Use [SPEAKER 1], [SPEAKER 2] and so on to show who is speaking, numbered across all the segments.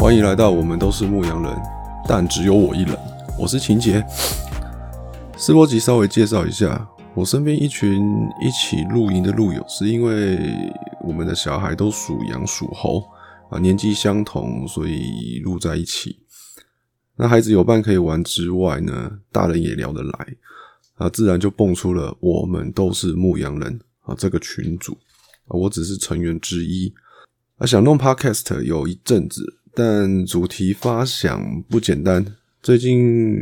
[SPEAKER 1] 歡迎來到我們都是牧羊人，但只有我一人。我是秦杰，斯波吉。稍微介紹一下，我身邊一群一起露營的露友，是因為我們的小孩都屬羊屬猴啊，年紀相同，所以露在一起。那孩子有伴可以玩之外呢，大人也聊得來啊，自然就蹦出了我們都是牧羊人啊這個群組啊，我只是成員之一啊。想弄 Podcast 有一陣子。但主題發想不簡單。最近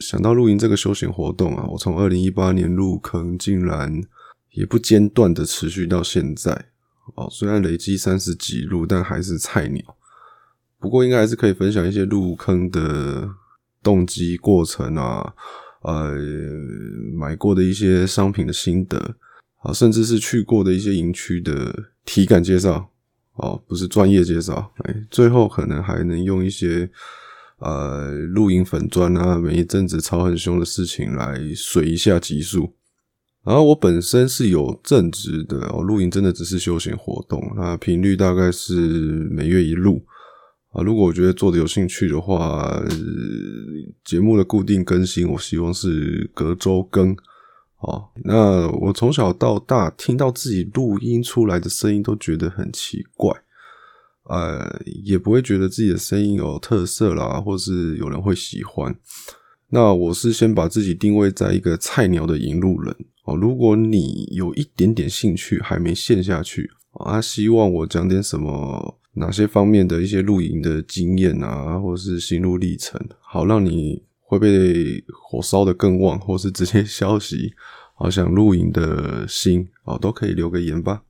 [SPEAKER 1] 想到露營這個休閒活動啊，我從二零一八年入坑，竟然也不間斷的持續到現在。哦，雖然累積三十幾露，但還是菜鳥。不過應該還是可以分享一些入坑的動機過程啊，呃，買過的一些商品的心得啊，甚至是去過的一些營區的體感介紹。哦，不是專業介紹，哎，最後可能還能用一些呃露營粉專啊，每一陣子超很凶的事情來水一下集數。然後我本身是有正職的，我露營真的只是休閒活動，那頻率大概是每月一錄啊、呃。如果我覺得做的有興趣的話，節、呃、目的固定更新，我希望是隔周更。哦，那我從小到大聽到自己錄音出來的聲音都覺得很奇怪，呃，也不會覺得自己的聲音有特色啦，或是有人會喜歡。那我是先把自己定位在一個菜鳥的引路人哦。如果你有一點點興趣，還沒陷下去啊，希望我講點什麼，哪些方面的一些露營的經驗啊，或是心路歷程，好讓你。會被火燒得更旺，或是直接消息，好想露營的心，啊，都可以留個言吧。